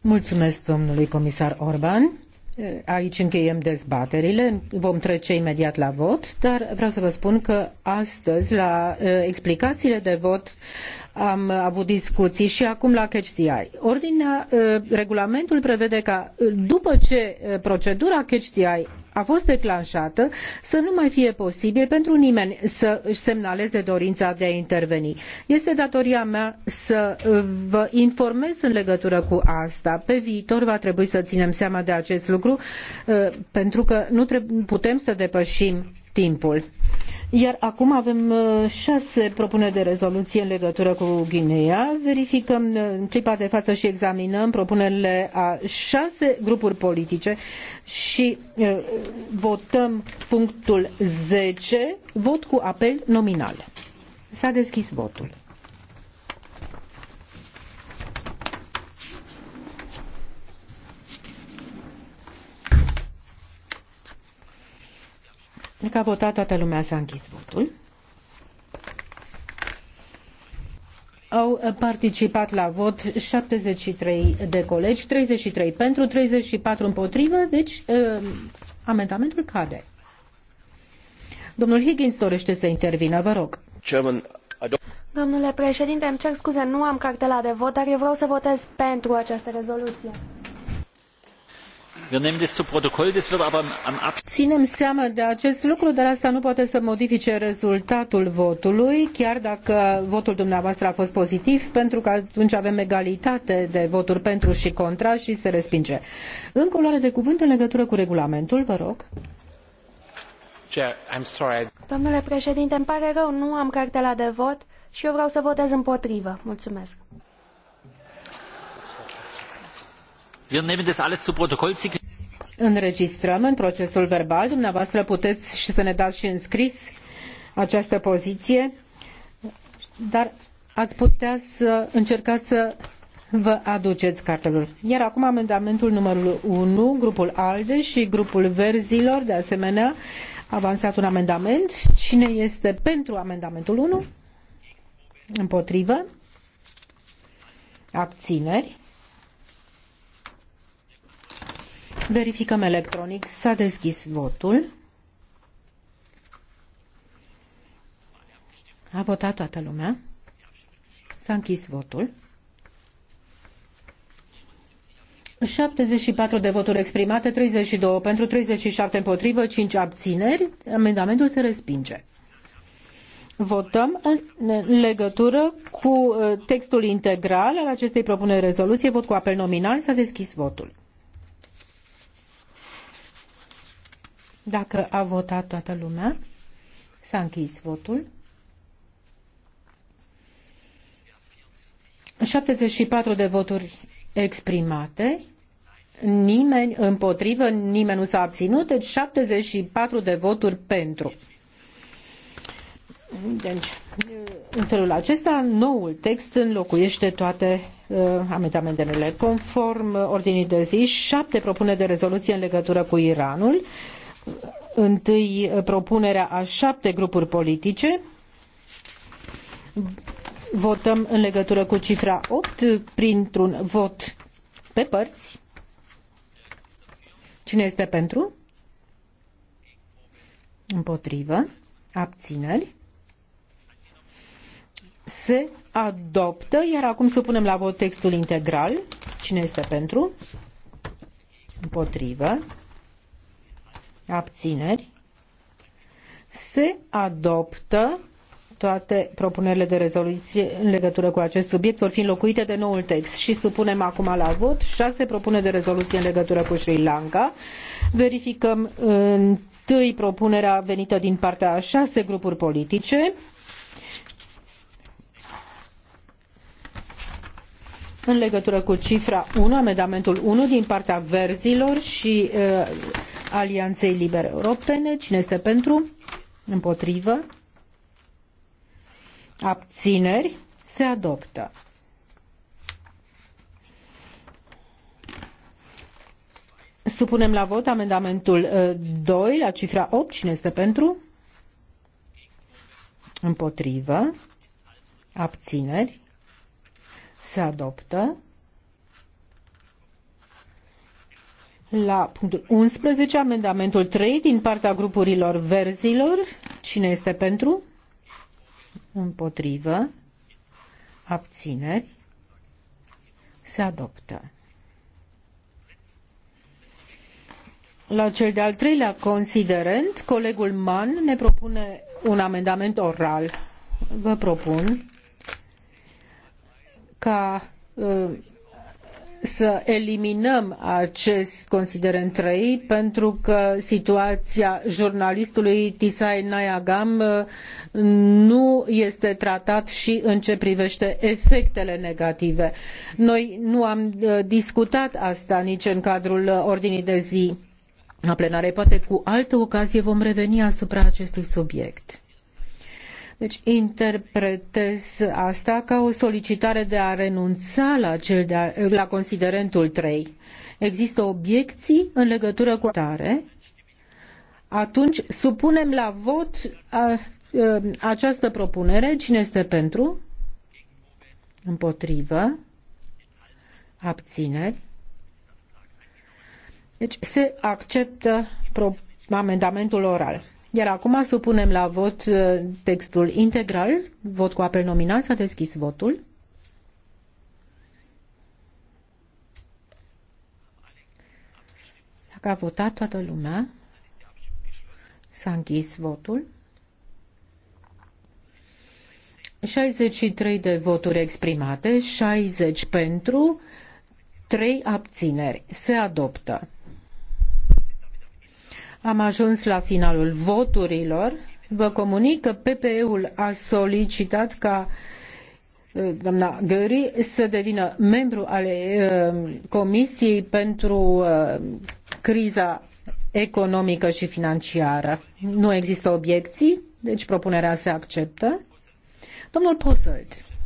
Mulțumesc domnului comisar Orban. Aici încheiem dezbaterile, vom trece imediat la vot, dar vreau să vă spun că astăzi la eh, explicațiile de vot am avut discuții și acum la CatchDI. Ordinea, eh, regulamentul prevede ca eh, după ce procedura CatchDI a fost declanșată să nu mai fie posibil pentru nimeni să își semnaleze dorința de a interveni. Este datoria mea să uh, vă informez în legătură cu asta. Pe viitor va trebui să ținem seama de acest lucru uh, pentru că nu putem să depășim timpul. Iar acum avem uh, șase propuneri de rezoluție în legătură cu Guinea. Verificăm uh, în clipa de față și examinăm propunerile a șase grupuri politice și uh, votăm punctul 10, vot cu apel nominal. S-a deschis votul. Dacă a votat toată lumea, s-a închis votul. Au participat la vot 73 de colegi, 33 pentru, 34 împotrivă, deci uh, amendamentul cade. Domnul Higgins dorește să intervină, vă rog. German, Domnule președinte, îmi cer scuze, nu am cartela de vot, dar eu vreau să votez pentru această rezoluție. Ținem seama de acest lucru, dar asta nu poate să modifice rezultatul votului, chiar dacă votul dumneavoastră a fost pozitiv, pentru că atunci avem egalitate de voturi pentru și contra și se respinge. Încă o luare de cuvânt în legătură cu regulamentul, vă rog. Domnule președinte, îmi pare rău, nu am cartela de vot și eu vreau să votez împotrivă. Mulțumesc înregistrăm în procesul verbal. Dumneavoastră puteți și să ne dați și în scris această poziție, dar ați putea să încercați să vă aduceți cartelul. Iar acum amendamentul numărul 1, grupul ALDE și grupul Verzilor, de asemenea, avansat un amendament. Cine este pentru amendamentul 1? Împotrivă? Abțineri? Verificăm electronic. S-a deschis votul. A votat toată lumea. S-a închis votul. 74 de voturi exprimate, 32 pentru, 37 împotrivă, 5 abțineri. Amendamentul se respinge. Votăm în legătură cu uh, textul integral al acestei propuneri rezoluție. Vot cu apel nominal. S-a deschis votul. Dacă a votat toată lumea, s-a închis votul. 74 de voturi exprimate, nimeni împotrivă, nimeni nu s-a abținut, deci 74 de voturi pentru. Deci, în felul acesta, noul text înlocuiește toate uh, amendamentele. Conform ordinii de zi, șapte propuneri de rezoluție în legătură cu Iranul. Uh, întâi propunerea a șapte grupuri politice. Votăm în legătură cu cifra opt printr-un vot pe părți. Cine este pentru? Împotrivă. Abțineri. Se adoptă, iar acum să punem la vot textul integral. Cine este pentru? Împotrivă abțineri, se adoptă toate propunerile de rezoluție în legătură cu acest subiect vor fi înlocuite de noul text și supunem acum la vot șase propuneri de rezoluție în legătură cu Sri Lanka. Verificăm întâi propunerea venită din partea a șase grupuri politice. în legătură cu cifra 1, amendamentul 1 din partea verzilor și uh, Alianței Libere Europene. Cine este pentru? Împotrivă? Abțineri? Se adoptă. Supunem la vot amendamentul 2 uh, la cifra 8. Cine este pentru? Împotrivă? Abțineri? Se adoptă. La punctul 11, amendamentul 3 din partea grupurilor verzilor. Cine este pentru? Împotrivă. Abțineri. Se adoptă. La cel de-al treilea considerent, colegul Mann ne propune un amendament oral. Vă propun ca uh, să eliminăm acest considerent 3 pentru că situația jurnalistului Tisai Nayagam uh, nu este tratat și în ce privește efectele negative. Noi nu am uh, discutat asta nici în cadrul uh, ordinii de zi a plenarei. Poate cu altă ocazie vom reveni asupra acestui subiect. Deci interpretez asta ca o solicitare de a renunța la, cel de a, la considerentul 3. Există obiecții în legătură cu tare? Atunci supunem la vot a, a, această propunere. Cine este pentru? Împotrivă? Abțineri? Deci se acceptă pro- amendamentul oral. Iar acum supunem la vot uh, textul integral. Vot cu apel nominal. S-a deschis votul. Dacă a votat toată lumea, s-a închis votul. 63 de voturi exprimate, 60 pentru, 3 abțineri. Se adoptă. Am ajuns la finalul voturilor. Vă comunic că PPE-ul a solicitat ca uh, doamna Gări să devină membru ale uh, Comisiei pentru uh, criza economică și financiară. Nu există obiecții, deci propunerea se acceptă. Domnul Posselt.